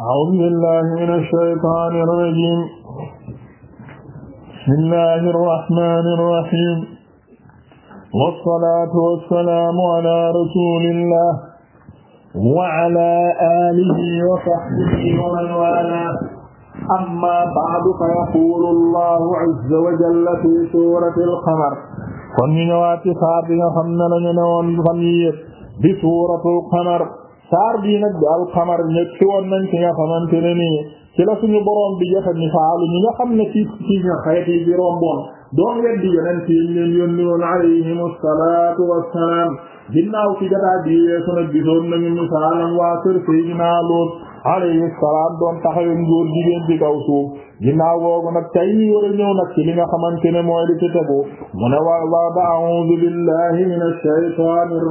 أعوذ بالله من الشيطان الرجيم بسم الله الرحمن الرحيم والصلاة والسلام على رسول الله وعلى آله وصحبه ومن والاه أما بعد فيقول الله عز وجل في سورة القمر kon ñu ñëwaat ci saar bi nga xam ne lañu newoon fan yi di suuratul qamar saar bii nag bi alxamar ñëpp ci woon nañ ci nga xamante ne nii ci la suñu boroom bi joxe misaalu ñi nga xam ne ci ci nga xayet yi bi romboon doon weddi yonent yi leen yónni woon alayhim asalatu wassalaam ginnaaw ci gataa bi yeesu nag gisoon nañu misaalam waa kër Seydina Luut alayhi salaam doon taxawee góor jigéen ci kaw suuf ginnaaw googu nag tey ñu war a ñëw nag ci li nga xamante ne mooy li ci tegu mu ne wa ba'uudu billahi minash shaytaanir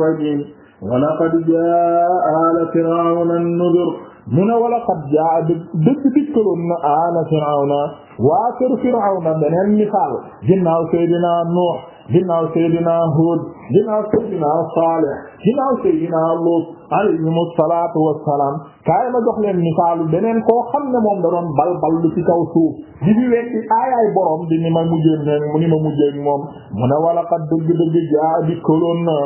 wa laqad jaa ala firawna an-nuzur mu ne wa laqad jaa dëgg dikkaloon na ala firawna waa kër firawna beneen misaal ginnaaw Seydina Nuux ginnaaw Seydina Huud ginnaaw Seydina Saalih ginnaaw Seydina Luut alayhimu salaatu wassalaam kaay ma jox leen misaalu beneen koo xam ne moom da doon bal bal lu ci kaw suuf di fi wetti aayaay borom di ni ma mujjee mu ni ma mujjee moom mu ne wala kat dëgg jaa di këloon na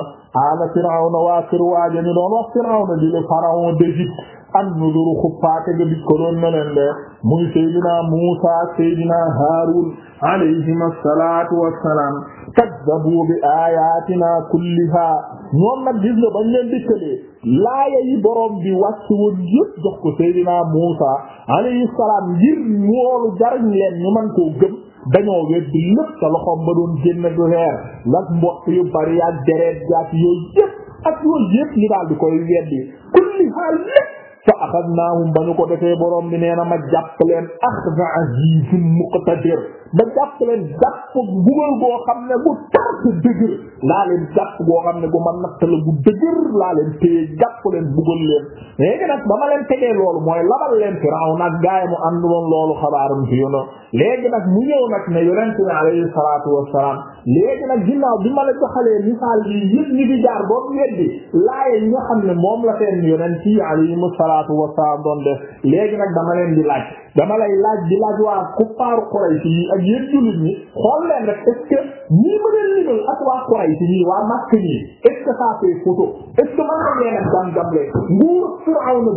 ala firawna waa kër waaja ñu doon wax firawna di le pharaon d'Égypte an nuzuru xuppaate ga di këloon na leen de muy seydina Muusa seydina Haarun alayhim assalaatu wassalaam kaddabu bi ayatina kulliha ñoom nag gis nga bañ leen dikkalee laaya yi borom bi wàcc woon yëpp jox ko Seydina Muusa alayhi salaam ngir woolu jariñ leen ñu man koo gëm dañoo weddi lépp sa loxoom ba doon génn du leer lak mbott yu bari ak deret jaat yooyu yëpp ak yooyu yëpp ñu daal di koy weddi kulli haal lépp fa axadnaahum ba ñu ko defee borom bi nee na ma jàpp leen axza azizun muqtadir ba jàpp leen jàpp bugal goo xam ne bu tar te dëgër laa leen jàpp goo xam ne bu ma natt la gu dëgër laa leen téye jàpp leen bugal leen léegi nag ba ma leen tegee loolu mooy labal leen Firawna ak gaay mu ànduloon loolu xabaaram fi yono léegi nag mu ñëw na ne yonente bi alayhi salaatu wassalaam léegi ginnaaw bi ma la joxalee misaal yi yëpp ñi fi jaar doon weddi laaye yi xam ne moom la teen yonent yi alayhi salaatu wassalaam doon def léegi nag dama leen di laaj dama di laaj yéen jullit ñi xool leen rek est ce que nii ma leen ak waa Quraysh ñii waa Makka ñii est ce que ça fait photo est ce que mën leen ak gam-gamle nguur Firawna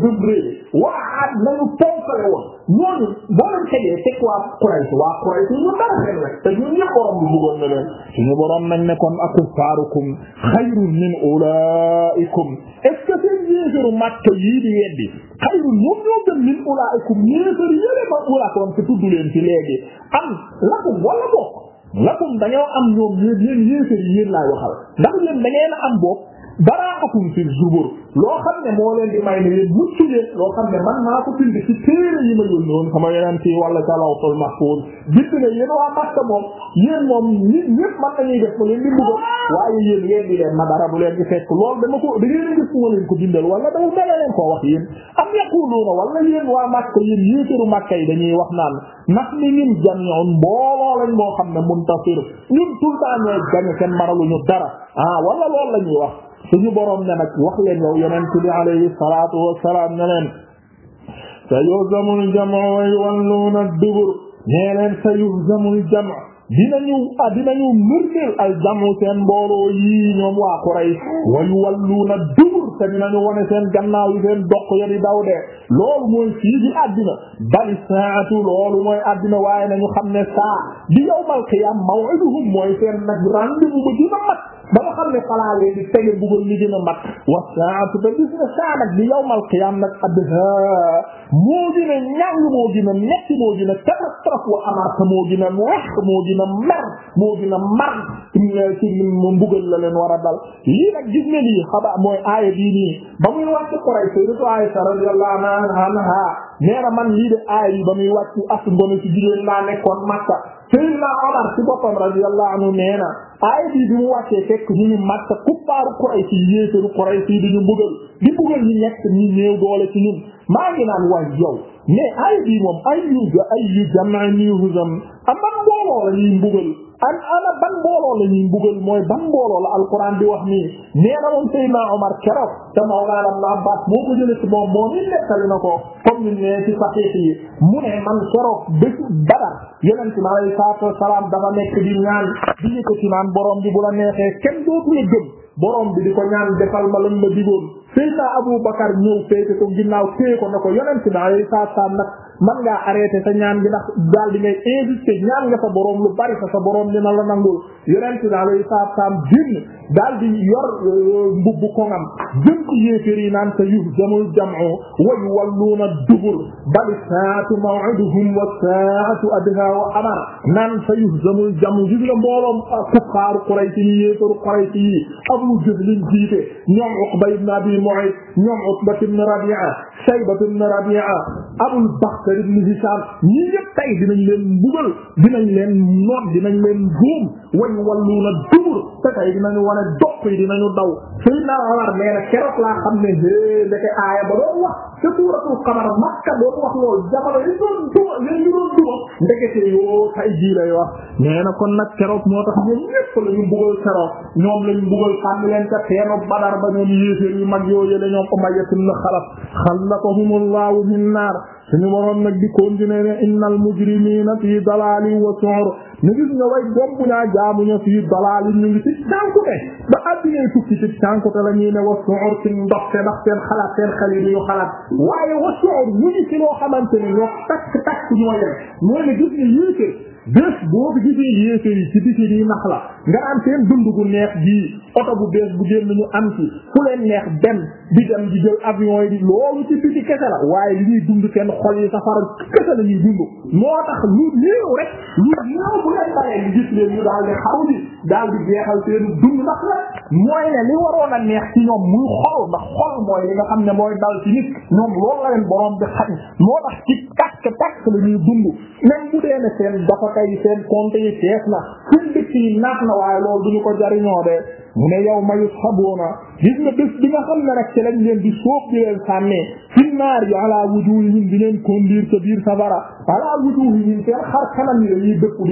waa aat nañu toog sore woon ñooñu boo leen tegee teg waa Quraysh waa Quraysh ñu dara seen rek te ñun ñëpp borom bi bëggoon na leen suñu borom nañ ne kon akufaarukum xayrun min ulaikum est-ce que seen yéefaru màkk yii di weddi xayrun ñoom ñoo gën min ulaikum yéefar yële ma ulaakum te tudd leen ci léegi am lakum wala bokk lakum dañoo am ñoom yéen yéen yéefar yi yéen laay waxal ndax yéen da ngeen a am bokk baraaxatum fil zubur loo xam ne moo leen di may ne yéen mucc ngeen loo xam ne man naa ko bind ci téere yi ma yónni woon sama yeneen ci wala ca lawhul mahfuz bind ne yéen waa Makka moom yéen moom nit ñëpp man nañuy def ma leen di mbugal waaye yéen yéen di leen ma dara bu leen di fekk loolu dama ko da ngeen ma leen ko bindal wala daw dala leen koo wax yéen am yaquluuna wala yéen waa Makka yéen yéetéru Makka yi dañuy wax naan nag ni ñun jami'un mbooloo lañ moo xam ne muntasir ñun tout le temps ñooy gañ kenn suñu borom ne nag wax leen yow yonent bi alayhi salaatu wassalaam ne leen sa yuhzamul jam'u wa yuwalluuna dubur nee leen sa yuhzamul jam'u dinañu ah dinañu mërmel al jam'u seen mbooloo yi ñoom waa Quraysh wa yuwalluuna dubur te dinañu wone seen gannaaw yi seen doq ya di daw de loolu mooy fii ci àddina bali saatu loolu mooy àddina waaye nañu xam ne saa di yawmal qiyaam maw'iduhum mooy seen nag rendez-vous ba dina mat ba nga xam ne falaa leen di tege buggal li gën a mat saatu te gis nga saa nag di yawmal qiyaam nag adha moo gën a ñàng moo gën a metti moo gën a wa amaata moo gën a wex moo gën a mer moo mar ci mbugal la leen war a dal lii nag gis nga lii xaba ba muy wàcc Quraysh sayyidatu na man lii de aaya yi ba muy wàcc anhu nee aayat yi bi mu wàccee fekk ñu ngi Makka kuppaaru Quraysh yi yéefaru Quraysh yi di ñu mbugal di mbugal ñu nekk ñu néew doole ci ñun maa ngi naan waay yow mais aayat yi moom ay yu ay yu jamaani huzam am man mbooloo la ñuy mbugal an ana ban mbooloo la ñuy mbugal mooy ban mbooloo la alquran bi wax nii nee na moom Seydina Omar keroog te la Ibn Abbas moo ko jëlee ci moom moom it nettali na ko comme ni ne ci saxiix mu ne man keroog bésu Badar yonent bi alayhi salaatu wa salaam dafa nekk bi ñaan di yëkkati naan boroom bi bu la neexee kenn dootu la gëm borom bi di ko ñaan defal ma lañ di digoon Seydina Abu Bakar ñëw féete ginnaaw téye ko na ko yonent bi alayhi salaatu salaam man ngaa arrêté sa ñaan gi ndax daal di ngay insister ñaan nga sa boroom lu bari sa sa boroom dina la nangul yonent bi alayhi salaatu salaam génn daal di yor euh, mbubbu ko jëm ci yéefér yi naan sa yuh jamul jam'u wa yuwalluuna dubur bal saa'atu maw'iduhum wa saa'atu adhaa sa yuh jamul jam'u gis nga mbooloom ah, kuffaaru Abu Jahl jiite ñoom Uqba ibn Abi Mu'ayt ñoom Utba ibn Rabi'a Shayba ibn Rabi'a Abul Bakhtar ibn Hisham ñi yëpp tay dinañ leen mbugal dinañ leen noot dinañ leen góom wañ walluuna dubur te tay dinañu wane dopp yi dinañu daw Seydina Omar nee na keroog laa xam ne hee ndeke aaya ba doon wax te suuratul Qamar Makka doon wax loolu jamono yi doon duma yi doon duma ndekete yoo tay jii lay wax nee na kon nag keroog moo tax ñoom ñépp la ñu buggal keroog ñoom la ñu buggal sànni leen ca teenu Badar ba ñoom yéeféer yu mag yooyu la ñoom Umayya ibn Xalaf xalaqahumullahu min naar suñu waroon nag di continuer ne innal mujrimiina fii dalaalin wa su'ur ñu gis nga way bombu ñaa jaamuñu fii dalaali ñu ngi ci cànkute ba addinay tukki ci cànkute la ñuy ne wa suur ci ndox te ndax seen xalaat seen xel yi ñu xalaat waaye wa suur ñu loo xamante ni ñoo takk takk ñoo yem mooy ne gis ni yéeféer bés boo fi gisee yéeféer yi ci biti di nax la nga am seen dund gu neex gii oto bu bees bu génn ñu am ci fu leen neex dem di dem di jël avion yi di loolu ci biti kese la waaye li ñuy dund seen xol yi safara kese la ñuy dund moo tax lu néew rek lu néew bu leen baree ñu daal di xaw di daal di jeexal seen dund ndax la mooy ne li waroon a neex ci ñoom muy xol ndax xol mooy li nga xam ne mooy dal ci nit ñoom loolu la leen borom bi xañ moo tax ci que tax la ñuy dund même bu dee ne seen dafa seen compte yi tees na seen dëkk na waaye loolu du ñu ko jariñoo de mu ne yow mayus xaboona gis nga bés bi nga xam ne rek leen di sóob di leen sànnee fi naar yi ala wujuhihim di leen conduire ca biir safara ala wujuhihim seen xar kanam yi la ñuy dëpp du ñu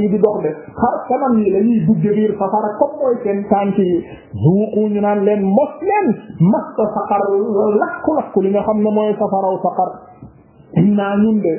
yi di dox de xar kanam yi la ñuy dugge biir safara comme mooy seen tànk yi zuuqu ñu naan leen mos masta saqar lakku-lakku li nga xam ne mooy safaraw saqar naa ñun de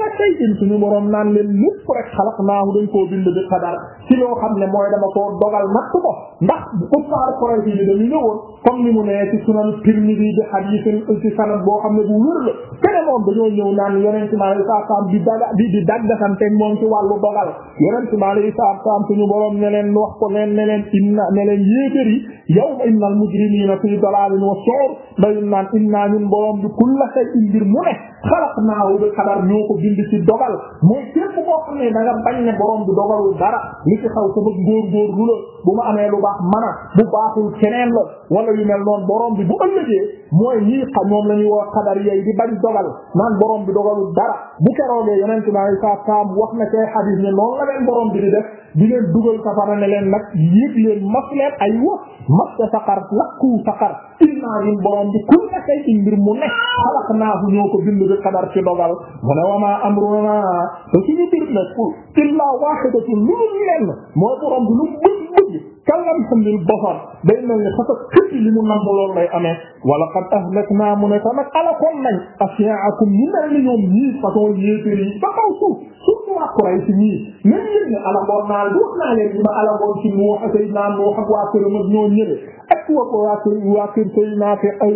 nag tey in suñu boroom naan leen lépp rek xalaq naahu dañ koo bind bi xadar ci loo xam ne mooy dama koo dogal natt ko ndax bu kuffaar Quraysh bi dañu ñëwoon comme ni mu nee ci sunan Tirmidhi bi hadith ci sanad boo xam ne bu wér la kene moom dañoo ñëw naan yonent mi alayhi salaatu salaam di daga di di daggasante moom ci wàllu dogal yonent mi alayhi salaatu salaam suñu boroom ne leen wax ko leen ne leen inna ne leen yéefér yi yawma innal mujrimiina fii dalaalin wa su'ur dañu naan inna ñun boroom bi kulla shay'in mbir mu ne xalaq naahu bi xadar ñoo ko indi ci dogal mooy képp koo xam ne da nga bañ ne borom bi dogalul dara li ci xaw sama góor-góor lu la bu ma baax man a bu baaxul keneen la wala yu mel noonu boroom bi bu ëllëgee mooy ñii xam ñoom la ñuy woo xadar yooyu di bañ dogal naan borom bi dogalul dara bu keroogee yeneen ci ma saa saam wax na cay xadiis ne noonu la leen borom bi di def. di leen dugal safara ne leen nag yëg leen ay wax mas saqar lakku saqar innaa ñun borom bi kun na kay mbir mu nekk xalaq naa fu ñoo ko bind bi xadar ci dogal mu ne wamaa amruna te suñu mbir nag illaa waahidatun lu dul lenn mooy borom bi lu bëgg bëgg kalamhil basar day mel ni xasa li mu namb lay amee wala qad ahlaknaa mu ne tamit alakoon nañ asiyaakum ñu mel ni ñoom ba kaw suuf waa Quraysh ñii même yéen a alangoon naa leen wax naa leen ñu ma alangoon ci Nuux Seydina Nuux ak waa këram ak ñoo ñëwee ak waa ko waa kër waa kër Seydina fi ay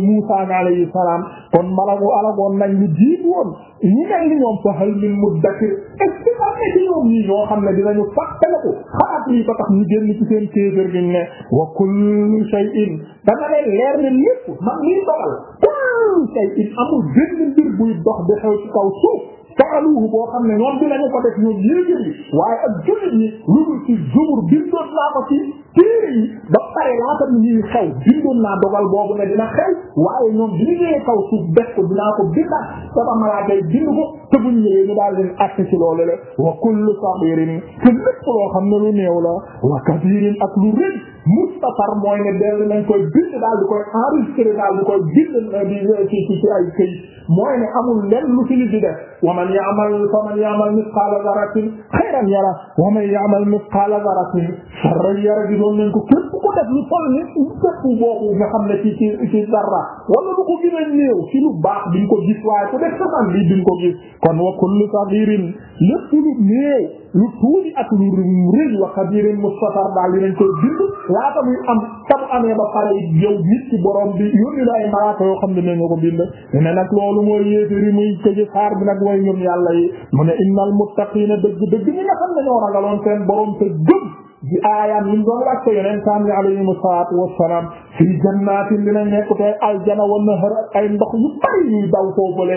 Muusaa alayhi salaam kon malamu alangoon nañ ñu jiitu woon ñu mel ni ñoom fa hal min muddakir est ce que am na ci ñoom ñii ñoo xam ne dinañu fàttaliku xalaat lii ba tax ñu génn ci seen téeméer gi ne wa kullu shay'in dana leen leer ne lépp man lii dogal kullu shay'in amul benn mbir buy dox di xew ci kaw suuf fa'aluhu boo xam ne ñoom dinañu ko def ñoom yéegéer yi waaye ak jullit ñi lu dul ci zubur bi doon naa ko ci téere yi ba pare laata ñuy xew bindoon naa dogal boobu ne dina xew waaye ñoom bi ñu ñëwee kaw suuf def ko dinaa ko bindaat sama malaaka yi bind ko te bu ñu ñëwee ñu daal la wa kullu saxirin te lépp loo xam ne lu néew la wa kabirin ak lu rëy mustafar mooy ne dellu nañ koy bind daal di koy enregistré daal di koy bind di ci ci ci ay këy mooy amul lenn lu ci li di def wa man ya'mal fa man ya'mal misqaala daratin xayran yara wa man ya'mal misqaala daratin sharran yoon nañ ko képp ku def lu toll nga xam ne ci ci ci dara wala ko gën a néew ci lu baax duñ ko gis waaye ku def saxan lii duñ ko gis kon wa kullu saghirin lépp lu néew lu tuuti ak lu rëy wa kabirin mustatar daal dinañ koy bind laata muy am tabu amee ba pare yow nit ci borom bi yónni la ay malaaka yoo xam ne ne nga ko bind ne nag loolu mooy yéeféri muy tëji xaar bi nag way ñun yàlla yi mu ne innal muttaqina dëgg dëgg ñi nga xam ne ñoo ragaloon seen borom te gëm di aayaam yi mu doon wàcce yeneen saam yi alayhim salaatu wassalaam fii jannaatin dina nekk te aljana wa nahar ak ay ndox yu bari ñuy daw foofule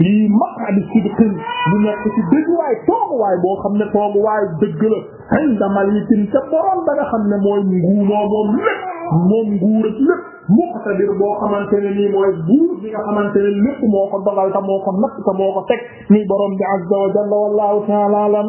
fii maq'adi sidqin mu nekk ci dëgguwaay tooguwaay boo xam ne tooguwaay dëgg la inda malikin ca borom ba nga xam ne mooy nguumoo moom lépp moom nguur ak lépp muqtadir boo xamante ne nii mooy buur bi nga xamante ne lépp moo ko dogal te moo ko natt te moo ko teg nii borom bi azza wa jalla wallahu ta'ala alam